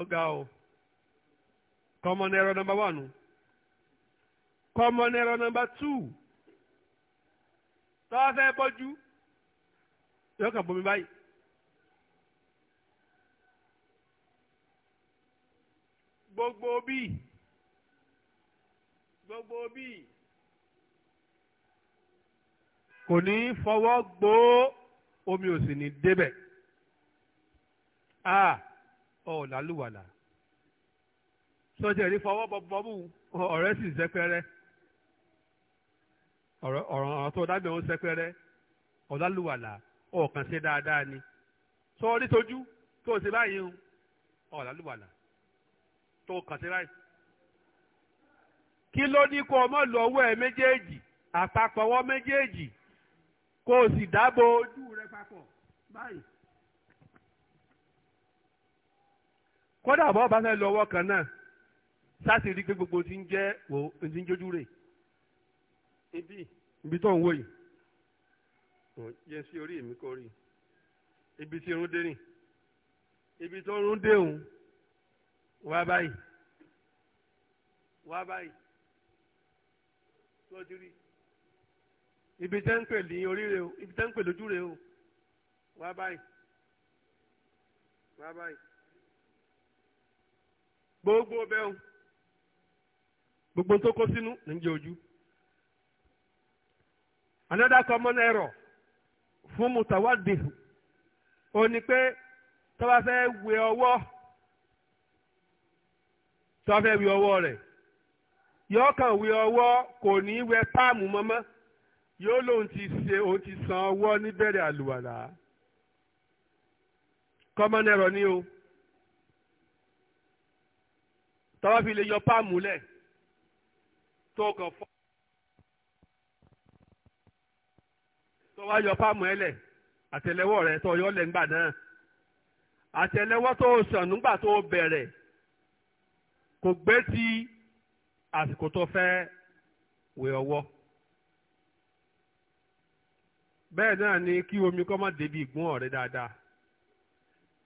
ọ̀gá o common error number one common error number two tọ́wọ́ fẹ́ bọ́jú yóò kàn bomi báyìí. gbogbo bíi gbogbo bíi kò ní fọwọ́ gbó omi ò sì ní débẹ̀. Ah. ọ làlùwàlà sọjọ ìrí fọwọ́ bọ́bú ọ̀rẹ́ sì sẹ́pẹ́rẹ́ ọ̀ràn tó dábẹ̀ ó sẹ́pẹ́rẹ́ ọ̀làlùwàlà ọ̀kàn ṣe dáadáa ni sọ orí tójú tó o ṣe báyìí o ọ̀làlùwàlà tó o kàn ṣe báyìí. kí ló ní kó o mọ̀ lọ ọwọ́ ẹ méjèèjì àpapọ̀ ọwọ́ méjèèjì kó o sì dáàbò ojú rẹ papọ̀ báyìí. kódà bọ́ bá fẹ́ lọ́wọ́ kan náà sáàsì rí pé gbogbo ti ń jẹ́ wò ti ń jójú rè ibi ibi tó ń wò yìí yẹn sí orí mi kò rí ibi tí irun dé rìn ibi tó irun dé òun wá báyìí wá báyìí tó ti rí ibi tẹ́ ń pè ní orí o ibi tẹ́ ń pè lójú rè o wá báyìí wá báyìí. gbogbo bẹ́ẹ̀ gbogbo tó kó sínú ní jẹ́ ojú. another common error fún mutawadi ó ní pé tó fẹ́ wẹ ọwọ́ tó fẹ́ wẹ ọwọ́ rẹ̀ kàn wẹ ọwọ́ kò ní wẹ páàmù yóò lóun ti tọ́wọ́ fi lè yọ páàmù lẹ̀ tó kàn fọ́ tọ́wọ́ yọ páàmù ẹ lẹ̀ àtẹlẹwọ́ rẹ tó yọ lẹ̀ ńgbà náà àtẹlẹwọ́ tó sàn nígbà tó bẹ̀rẹ̀ kò gbé ti àsìkò tó fẹ́ wẹ̀ ọwọ́ bẹ́ẹ̀ náà ni kí omi kọ́ má débi ìgbọ́n ọ̀rẹ́ dáadáa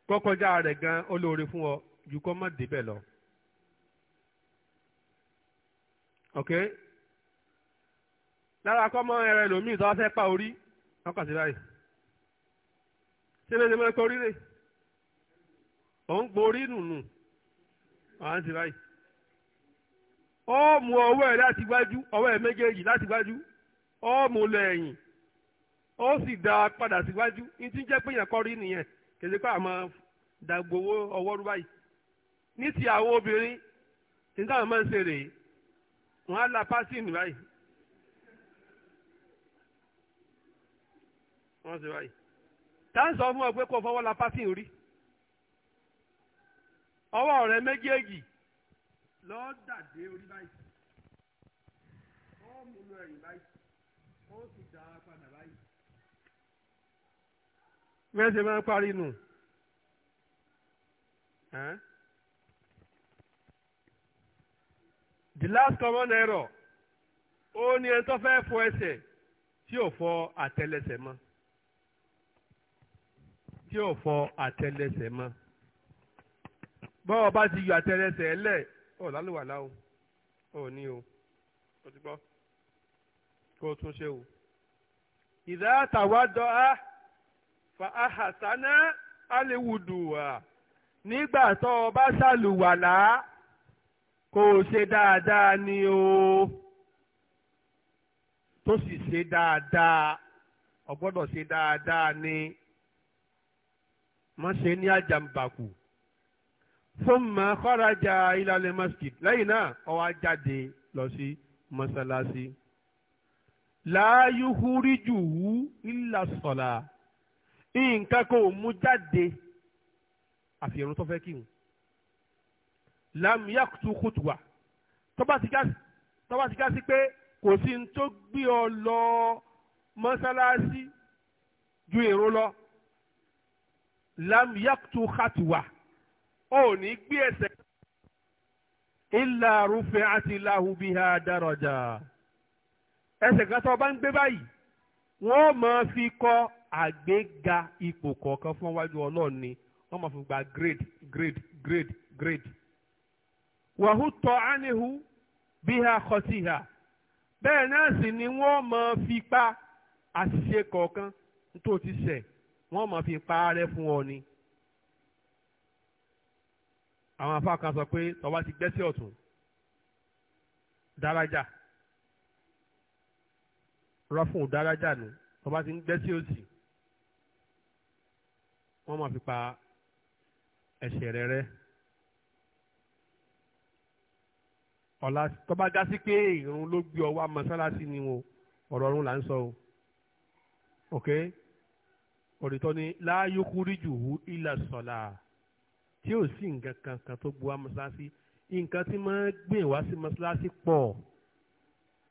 kọ́kọ́já rẹ̀ gan olóore fún ọ ju kọ́ má débẹ̀ lọ. ok lára mọ ẹrẹ ẹlòmíì tó wá fẹ́ pa orí wọ́n sí báyìí ṣé lóde mọ́ ẹ̀kọ́ oríire òun gborí nùnù wọ́n sí báyìí ó mú ọwọ́ ẹ̀ láti gbájú ọwọ́ ẹ̀ méjèèjì láti gbájú ó mú lọ ó sì dá padà síwájú ní tí ń pé yẹn rí nìyẹn pé báyìí ní ti àwọn obìnrin ní táwọn máa ń ṣe rèé wọ́n á la pásìnì báyìí wọ́n sì báyìí tá ń sọ fún ọ pé kó fọwọ́ la pásìnì rí ọwọ́ rẹ méjèèjì lọ́ọ́ dàdé orí báyìí ọ́ọ́ mú lọ ẹ̀yìn báyìí ó sì dá padà báyìí. mẹ́sẹ̀ máa ń parí nù. Huh? the last common error ó ní ẹni tó fẹ́ fọ ẹsẹ̀ tí ò fọ àtẹlẹsẹ̀ mọ́ tí ò fọ àtẹlẹsẹ̀ mọ́ bọ́ọ̀ bá ti yọ àtẹlẹsẹ̀ ẹlẹ̀ ọ̀ lálùwàlá o ò ní o ó ti gbọ́ kó o tún ṣe o ìdá àtàwádọ́ á fa àhàsánà àlewùdùwà nígbà tó o bá ṣàlùwàlá kó o ṣe dáadáa ni o tó sì ṣe dáadáa o gbọ́dọ̀ ṣe dáadáa ni má ṣe ní àjàmbàkù thumma kharaja ila al masjid lẹ́yìn náà ó wá jáde lọ sí mọ́sálásí la yukhrijuhu illa as-salah nǹkan kò mú jáde àfi tó fẹ́ kírun lam yakutu kutuwa tọ́ba ti ká sí pé kò sí ní tó gbé ọ lọ mọ́sálásí ju èrò lọ lam yakutu kutuwa ó ní gbé ẹsẹ̀ illa rufi'ati lahu biha daraja ẹsẹ̀ kan tó bá ń gbé báyìí wọ́n máa fi kọ́ àgbéga ipò kọ̀ọ̀kan fún wájú ọlọ́run wọ́n máa fi gba grade grade grade grade wàhútọ̀ ánihu bíhà kọ̀síhà bẹ́ẹ̀ náà sì ni wọ́n máa fi pa àṣìṣe kọ̀ọ̀kan tó ti ṣẹ̀ wọ́n máa fi pa rẹ́ fún ọ ni. àwọn afá kan sọ pé tọ́wá ti gbẹ́sẹ̀ ọ̀tún dárájà rọ́fún dárájà nù tọ́wá ti ń gbẹ́sẹ̀ òsì wọ́n máa fi pa ẹ̀ṣẹ̀ rẹ̀ rẹ́. ọ̀la tó bá dá sí pé ìrun ló gbé ọ wá mọ́sálásí ni o ọ̀rọ̀ ọ̀run là ń sọ o ok òrìtọ́ ni láàyò kúrìjù hu ilà sọ̀la tí ò sí nǹkan kankan tó gbé wá mọ́sálásí nǹkan tí máa ń gbé wá sí mọ́sálásí pọ̀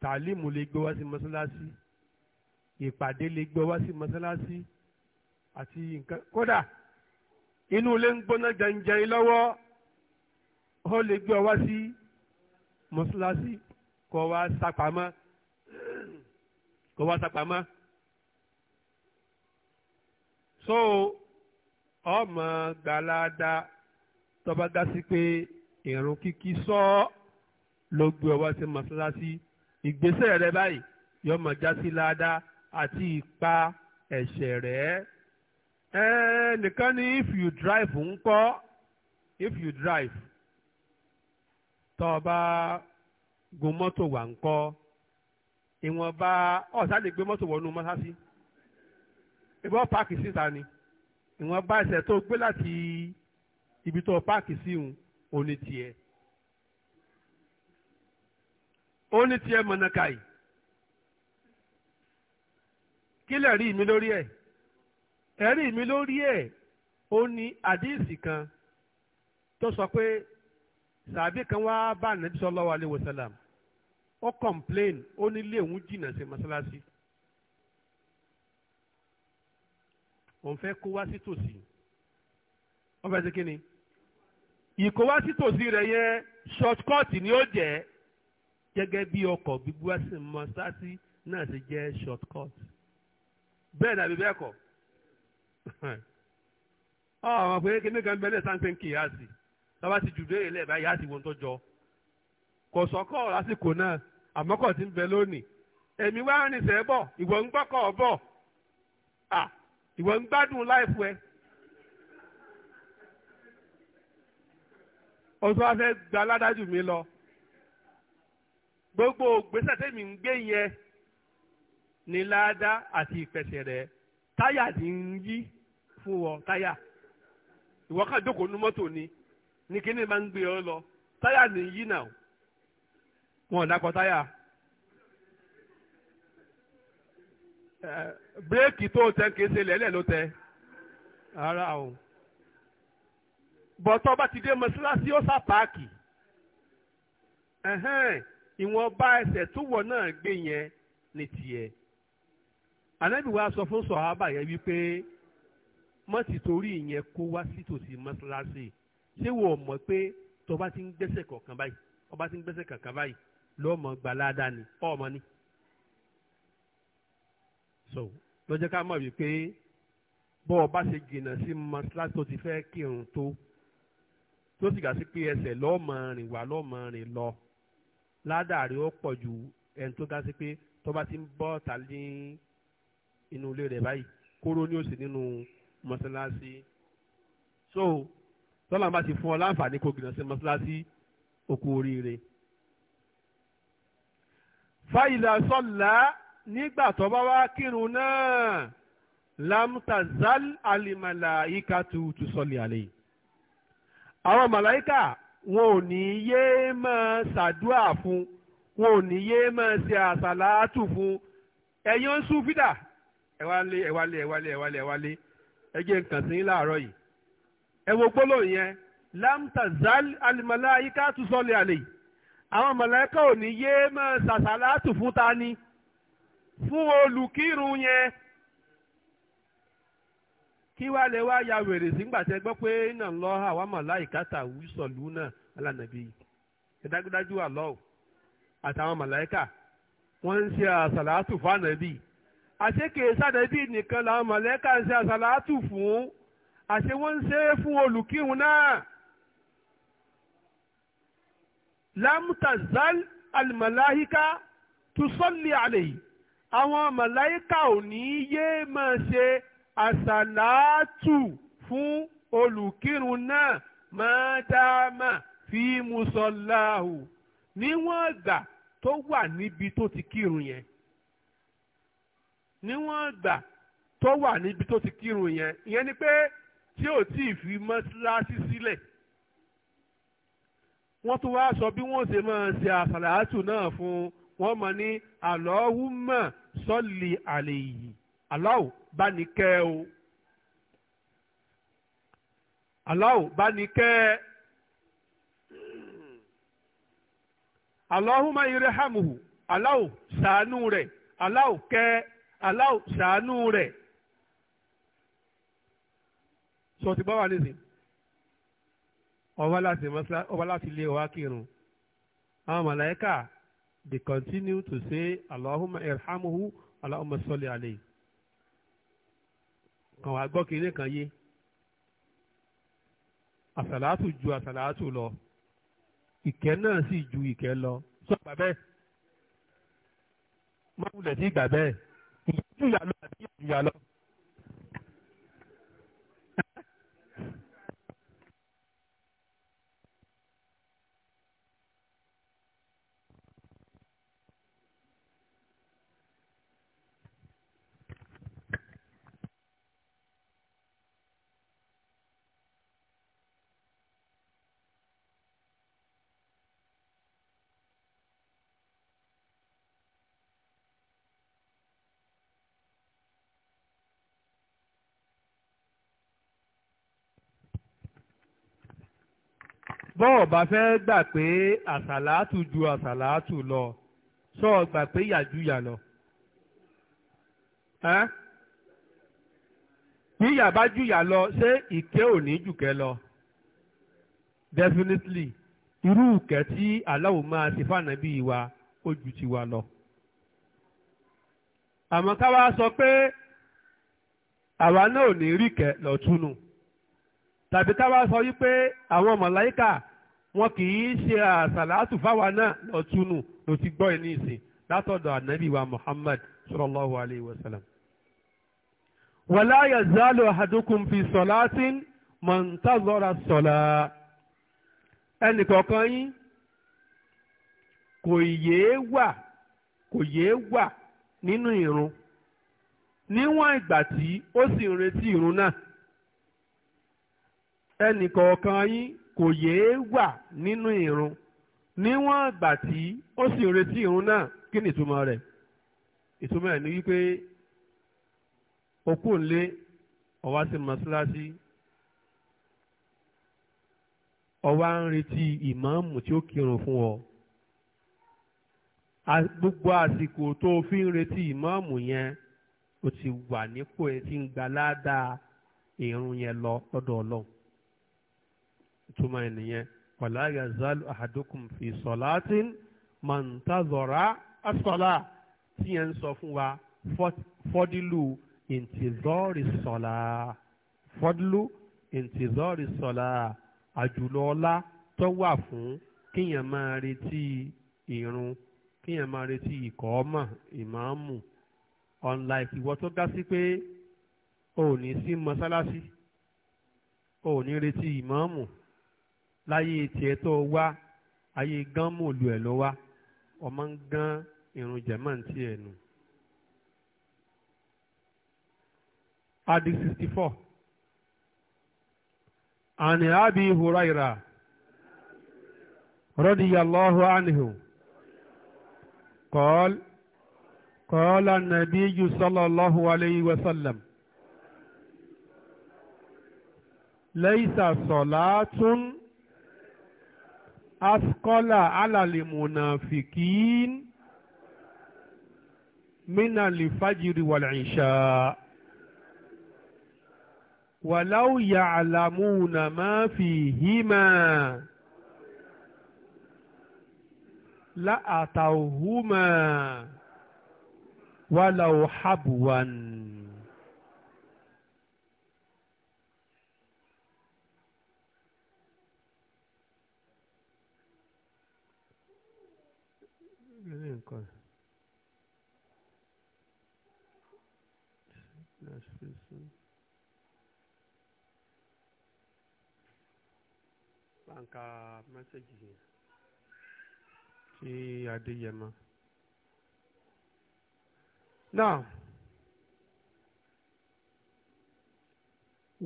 tàlímù lè gbé wá sí mọ́sálásí ìpàdé lè gbé wá sí mọ́sálásí àti nǹkan kódà inú ilé ń gbóná jẹnjẹn lọ́wọ́ ó lè gbé ọ wá sí. Si, mọ́ṣáláṣí kọ́ wá sápamọ́ kọ́ wá sápamọ́. so ọmọ gbalada tọ́ba dá sí pé ìrun kíkí sọ ló gbé ọwọ́ sí mọ́ṣáláṣí ìgbésẹ̀ rẹ báyìí yóò máa já sí àti ipa ẹ̀ṣẹ̀ rẹ̀. ẹ nìkan ni if you drive ń kọ́ if you drive tọ́ ọ bá gun mọ́tò wà ń kọ́ ìwọ̀nba ọ̀sá lè gbé mọ́tò wọnú mọ́sáàsì ìbọn páàkì síta ni ìwọ̀nba ẹsẹ̀ tó gbé láti ibi tó páàkì sí òun òní tiẹ̀ òní tiẹ̀ mọ̀nàkàì kílẹ̀ rí mi lórí ẹ̀ ẹ̀rí mi lórí ẹ̀ ó ní àdíìsì kan tó sọ pé sàbí kan wá bá nàbí sallallahu alaihi wasallam ó complain ó nílé òun jìnnà sí mọ́sálásí òun fẹ́ kó wá sí tòsí wọ́n fẹ́ sí kí ni ìkó wá sí tòsí rẹ̀ yẹn shortcut ni ó jẹ́ gẹ́gẹ́ bí ọkọ̀ gbígbó sí mọ́sálásí náà ti jẹ́ shortcut bẹ́ẹ̀ ni àbí bẹ́ẹ̀ kọ́ ọ̀ àwọn pé kíní kan bẹ́ẹ̀ ní sáńpé ń kíyàsí tọ́ba ti jù béèrè lẹ́ẹ̀ báyìí á ti wọ́n tó jọ kò sọ́kọ̀ lásìkò náà àmọ́kọ̀ ti ń bẹ lónìí èmi wá rìnsẹ̀ bọ̀ ìwọ ń gbọ́kọ̀ bọ̀ à ìwọ ń gbádùn láìfu ẹ. ó tún wá fẹ́ gba aládájú mi lọ gbogbo ògbésẹ̀ tèmi ń gbé yẹn ní ládàá àti ìpẹ̀sẹ̀ táyà ti ń yí fún ọ táyà ìwọ jókòó nu mọ́tò ni ní kíní máa ń gbé ọ lọ táyà nìyí náà wọn ò dákọ táyà. bírèkì tó tẹ kìí ṣe lẹ́lẹ̀ ló tẹ ara o bọ̀tọ́ bá ti dé mọ́ṣáláṣí ó sá páàkì ìwọ̀n bá ẹsẹ̀ tó wọ̀ náà gbé yẹn ní tiẹ̀ ànábì wa sọ fún sọ̀hábà yẹn wípé mọ́tì torí ìyẹn kó wá sí tòsí mọ́ṣáláṣí ṣé wò mọ̀ pé tó bá ti ń gbẹ́sẹ̀ kọ̀ọ̀kan báyìí tó bá ti ń gbẹ́sẹ̀ kọ̀ọ̀kan báyìí lọ́mọ gbalada ni ọmọ ni. so lọ́jọ́ ká mọ̀ wípé bọ́ ọ bá ṣe jìnnà sí mọ́ṣáláṣí tó ti fẹ́ kírun tó tó sì gà sí pé ẹsẹ̀ lọ́mọ rìn wá lọ́mọ rìn lọ ládàrí ó pọ̀ ju ẹni tó ga sí pé tó bá ti ń bọ́ ta ní inú ilé rẹ̀ báyìí kóró ni ó sì nínú mọ́ṣáláṣí. so tọ́lá bá ti fún ọ láǹfààní kó gbìyànjú sí mọ́ṣáláṣí okú oríire. fàyìlà sọ́là nígbà tó bá wá kírun náà lamtazal alimalaika tuutu sọ́lì àlè. àwọn màláìka wọn ò ní yéé máa ṣàdúrà fún wọn ò ní yéé máa ṣe àṣàlátù fún ẹ̀yin ń sún ẹ̀wálé ẹ̀wálé ẹ̀wálé ẹ̀wálé ẹ̀jẹ̀ nǹkan sí láàárọ̀ yìí. ẹ wo gbólóhùn yẹn lamtazal alimalaika tusọ́lé àlè àwọn màláíkà ò yé máa ṣàṣàlátù fún ni fún olùkírun yẹn kí wàá lè wá ya wèrè sígbà tẹ gbọ́ pé iná lọ àwọn màláíkà ta sọ̀lú náà alànàbí ìdágúdájú àlọ́ àtàwọn màláíkà wọ́n ń ṣe ànàbí àṣekè sànàbí nìkan làwọn ń ṣe àṣé wọ́n ń ṣe é fún olùkírun náà. lámùtàzál alìmọ̀láyíká tùsọ́lì àlè àwọn màláyíká ò ní yé máa ṣe àṣàlátù fún olùkírun náà máa dáama fi mùsọ̀láhù níwọ̀n ìgbà tó wà níbi tó ti kírun yẹn níwọ̀n ìgbà tó wà níbi tó ti kírun yẹn ìyẹn ni pé tí ò tí ì fi mọ́ṣáláṣí sílẹ̀ wọ́n tún wá sọ bí wọ́n ṣe máa ṣe àṣàlàátù náà fún wọ́n mọ̀ ní àlọ́hùnmá sọ́ọ̀lì àlè yìí aláwò bá ní kẹ́ o aláwò bá ní kẹ́ ẹ. Allahumma irhamuhu aláwò ṣàánú rẹ̀ aláwò kẹ́ aláwò ṣàánú rẹ̀ sọ ti bá wà nísìn ọba láti mọ́sá ọba láti lé wa kírun àwọn màláíkà they continue to say Allahumma irhamuhu Allahumma salli alayhi kàn wá gbọ́ kiri kan yé àsàlátù ju àsàlátù lọ ìkẹ́ náà sì ju ìkẹ́ lọ sọ gbà bẹ́ẹ̀ má wulẹ̀ gbà bẹ́ẹ̀ ìyá ìyá lọ àti ìyá ìyá lọ. bọ́ọ̀ bá fẹ́ gbà pé àsàlátù ju àsàlátù lọ sọ ọ gbà pé yàjúyà lọ. bí ìyà bá jùyà lọ ṣé ìké ò ní jùkẹ́ lọ. definitely irú ìkẹ́ tí aláwo máa ṣe fànàbí wa ó ju tiwa lọ. àmọ́ ká wá sọ pé àwa náà ò ní rí ìkẹ́ lọ́túnú tàbí ká wá sọ wípé àwọn mọ̀láyíkà wọn kì í ṣe àṣàlátù fáwa náà lọ́túnù ló ti gbọ́ ẹni ìsìn látọ̀dọ̀ ànábì wa Muhammad sallallahu alayhi wa sallam. wàlá yazalu ahadukum fi sọ̀látín mọ̀ntàzọ́ra sọ̀lá ẹnìkọ̀ọ̀kan yín kò yéé wà kò yéé wà nínú ìrun níwọ̀n ìgbà tí ó sì ń retí ìrun náà ẹnìkọ̀ọ̀kan yín kò yéé wà nínú ìrun níwọ̀n ìgbà tí ó sì ń retí ìrun náà kí ni ìtumọ̀ rẹ̀ ìtumọ̀ ẹ̀ ni wípé òkú ńlé ó wá sí mọ́ṣáláṣí ó wá ń retí ìmáàmù tí ó kírun fún ọ gbogbo àsìkò tó fi ń retí ìmáàmù yẹn ó ti wà nípò ẹ ti ń gba ládàá ìrun yẹn lọ lọ́dọ̀ Ọlọ́run ìtumọ̀ ènìyàn wàlá yazalu ahadukum fi sọ̀láàtìn mọ̀ntàzọ̀rá asọ̀lá tí yẹn ń sọ fún wa fọ́dílù ìntìzọ́ọ̀rì sọ̀lá fọ́dílù ìntìzọ́ọ̀rì sọ̀lá àjùlọ ọlá tó wà fún kíyàn máa retí ìrun kíyàn máa retí ìkọ́ ìmáàmù unlike ìwọ tó dá sí pé o ò ní sí mọ́sálásí o ò ní retí ìmáàmù láyé tiẹ̀ tó wá ayé gán mòlù ẹ̀ ló ọmọ ń gán irun jẹ̀mọ́ ti ẹ̀ nù. adi ani abi huraira radiyallahu anhu qal qala an-nabiyyu sallallahu alayhi wa asukọ́là alàlìmùnàfìkín mina lè fájiri wàlà ìṣá wàláwù yà àlàmúnà máa fi hímà láàtàwùmà wàláwù nǹkan báńkà mẹ́sẹ̀gì yẹn tí adéyẹmọ náà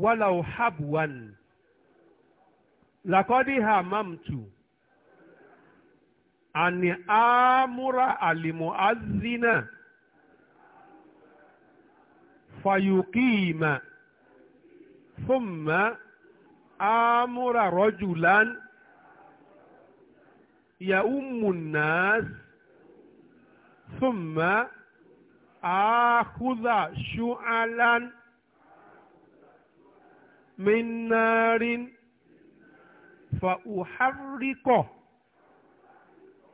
wàlà òhàbùwàn làkọ́dí hàmámtù. أن آمر المؤذن فيقيم ثم آمر رجلا يؤم الناس ثم آخذ شعلا من نار فأحرقه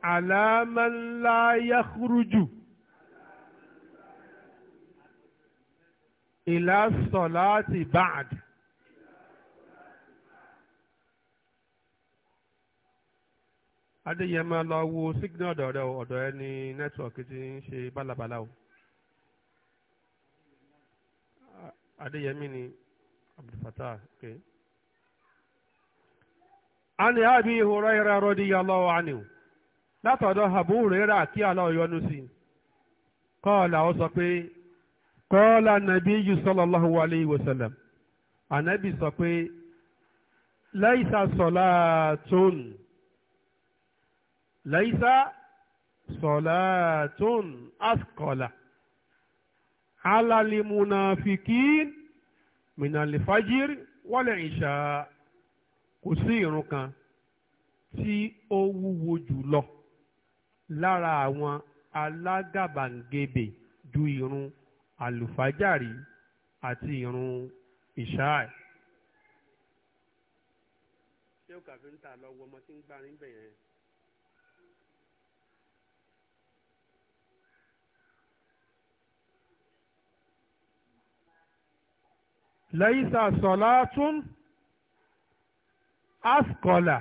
ala man la yakhruju ila salati ba'd adéyẹmọ lọ wo signal ọ̀dọ̀ rẹ ọ̀dọ̀ ẹ ní nẹ́tíwọ̀kì tí ń ṣe bálabàlà o adéyẹmí ni abdulfatah okay. ani abi huraira radiyallahu anhu látọ̀dọ̀ Abu Hurairah kí Allah yọ́nú sí i kọ́ọ̀là ó sọ pé kọ́ọ̀là Nabiyyu sallallahu alayhi wa sallam ànábì sọ pé laisa salatun laisa salatun asqala ala lil munafiqin minal fajr wal isha kò sí ìrun kan tí ó wúwo jù lọ lára àwọn alágàbàǹgebè ju ìrun àlùfájàrí àti ìrun ìṣáà. ṣé ó kàfin ta lọ wọ tí ń gbá ní bẹ̀yẹn. laisa salatun askola.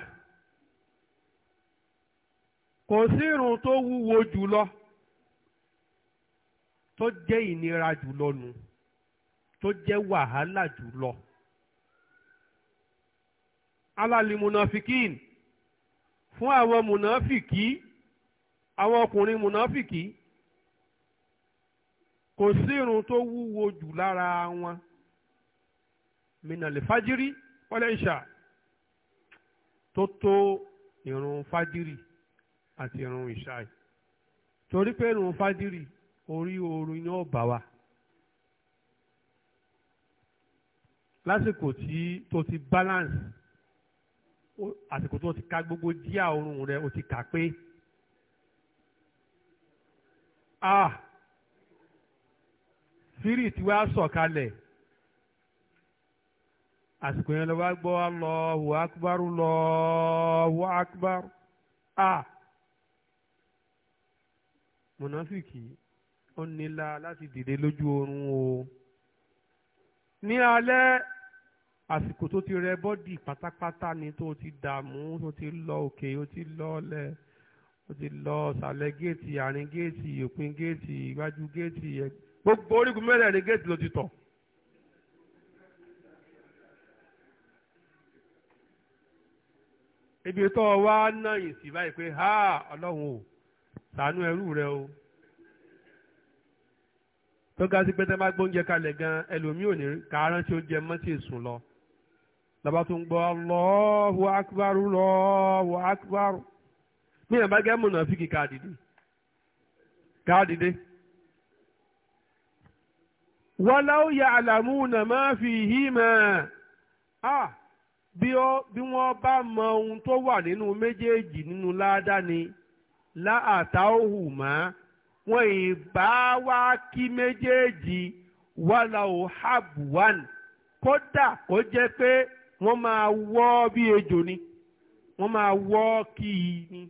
kò sí irun tó wúwo jùlọ tó jẹ́ ìnira jùlọ nù tó jẹ́ wàhálà jùlọ. alali munafikin fún àwọn munafiki àwọn ọkùnrin munafiki kò sí irun tó wúwo jù lára wọn minale fajiri wọlé ìṣà tó tó irun fajiri. àti irun ìṣáì torí pé irun fájírì orí oorun ni ó bá wa lásìkò tí tó ti balance àsìkò tó ti ka gbogbo díà oorun rẹ o ti kà pé ah sírì tí wàá sọ̀kalẹ̀ àsìkò yẹn lọ wá gbọ́ Allahu akbar Allahu akbar ah mùnáfìkì ó nílá láti dìde lójú oorun o ní alẹ́ àsìkò tó ti rẹ bọ́dì pátápátá ni tó ti dààmú tó ti lọ òkè ó ti lọ ọlẹ ó ti lọ sàlẹ̀ géètì àárín géètì òpin géètì iwájú géètì gbogbo orígun mẹ́rẹ̀ẹ̀rin géètì ló ti tọ̀. ibi tó wá náà yìí sí báyìí pé ha ọlọ́run o ṣàánú ẹrú rẹ o tó ga sí pé tẹ́ bá gbóúnjẹ kalẹ̀ gan ẹlòmíì ò ní kàárán tí ó jẹ mọ́ tí ì sùn lọ lọ́ba tó ń gbọ́ Allahu akbar Allahu akbar mí ẹ̀ bá gẹ́ mọ̀nà fíkì káàdìdì káàdìdì. walau ya'lamuna ma fihima ah bí wọ́n bá mọ ohun tó wà nínú méjèèjì nínú ládàá ni. láàtàóhù mọ́ wọn ì bá wá kí méjèèjì wàlà ò hàbùwàn kódà kó jẹ́ pé wọ́n máa wọ́ bí ejò ni wọ́n máa wọ́ kí i ni.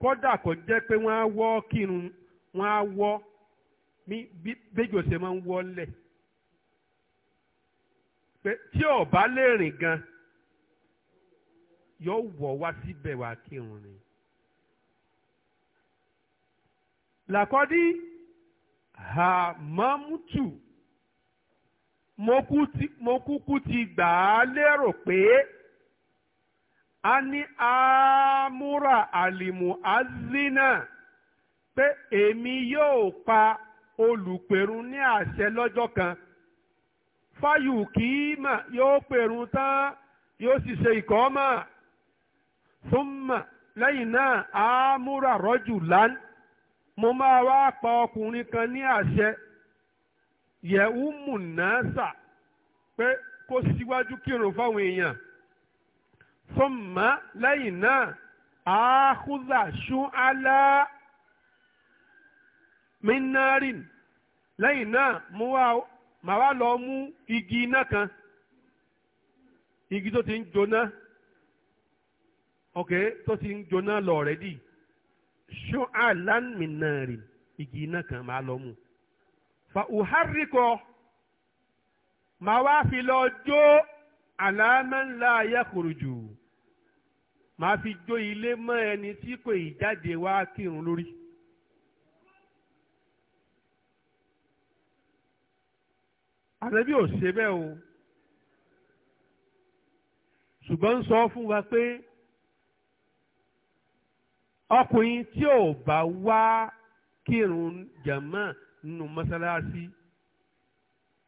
kódà kó jẹ́ pé wọ́n á wọ́ kírun wọ́n á wọ́. bẹ́jọ́ ṣe máa ń wọ́lẹ̀ pé tí ò bá lè rìn gan yóò wọ̀ wá síbẹ̀ wá kírun ni. làkọ́dí hàmámútù mo kúkú ti gbà á lérò pé a ní àmúra àlìmù azina pé èmi yóò pa olùpẹ̀rù ní àṣẹ lọ́jọ́ kan fáyùkìímà yóò pẹ̀rù tán yóò sì ṣe ìkọ́mà súnmà lẹ́yìn náà àámúra rọ́jù lán mo máa wá pa ọkùnrin kan ní àṣẹ yẹ̀wù mùnásà pé kó síwájú kírun fáwọn èèyàn súnmà lẹ́yìn náà àákúzà ṣú alá minnarin lẹ́yìn náà mo wá màá wá lọ mú igi iná kan igi tó ti ń jóná ok tó ti ń jóná lọ rẹ́dì ṣù'àlán minnarin igi iná kan màá lọ mú fa uharriko màá wá fi lọ jó àlámẹ́ńlá ayẹ́kùrùjù màá fi jó ilé mọ́ ẹni tí kò ì jáde wá kírun lórí. ànábì ò ṣe bẹ́ẹ̀ o ṣùgbọ́n ń sọ fún wa pé ọkùnrin tí ò bá wá kírun jàmá nínú mọ́sálásí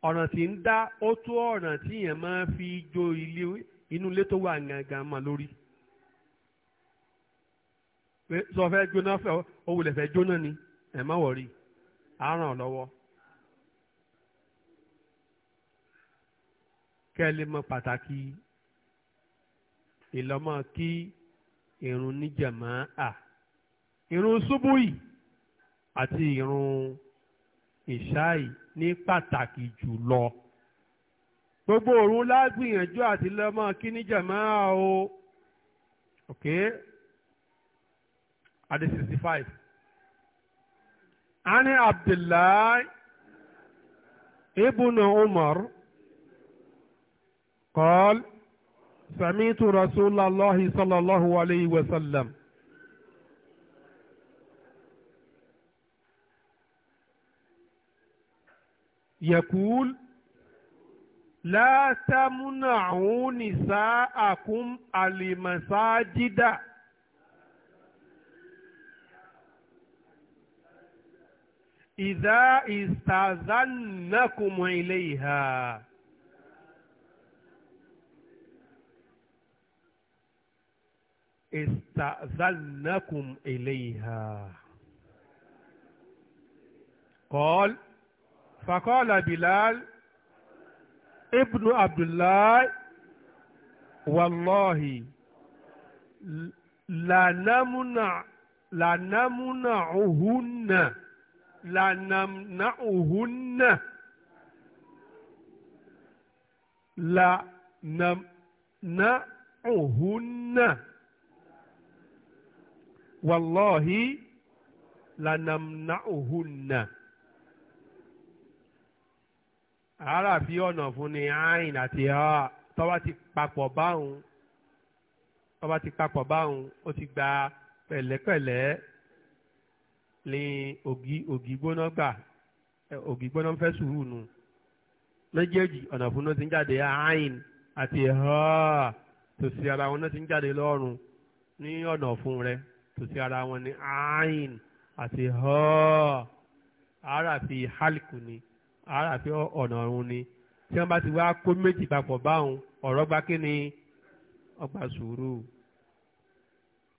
ọ̀nà tí ń dá ó tó ọ̀nà tí yẹn máa fi jó ilé inú ilé tó wà gangan mọ́ lórí sọ fẹ́ jóná fẹ́ owó lẹ̀ fẹ́ jóná ni ẹ̀ má wọ̀ rí àárọ̀ lọ́wọ́. kẹ́ ẹ lè mọ pàtàkì ìlọ́mọ kí irun níjàmá à irun ṣubúì àti irun ìṣáì ní pàtàkì jùlọ gbogbo òrun lágbìyànjú àti lọ́mọ kí níjàmá à o ok adi sixty five ani abdullahi ibùnà umar. قال سمعت رسول الله صلى الله عليه وسلم يقول لا تمنعوا نساءكم المساجد إذا استاذنكم إليها استأذنكم إليها قال فقال بلال ابن عبد الله والله لنمنع لنمنعهن لنمنعهن لنمنعهن wàlọ́ọ̀hí lànàmùnà òhùnà àárà fi ọ̀nà fún ni àìn àti ọ́ tọ́wá ti papọ̀ báhùn tọ́wá papọ̀ báhùn ó ti gba pẹ̀lẹ́pẹ̀lẹ́ ní ògì ògì ló ti àti tòsí ara wọn ti ní ọ̀nà fún tòsí ara wọn ni ayin àti ara àràfi hálìkù ni àràfi ọ̀nà ọ̀run ni tí wọ́n bá ti wá kó méjì papọ̀ báwọn ọ̀rọ̀ gbá kí ni ọgbà sùúrù.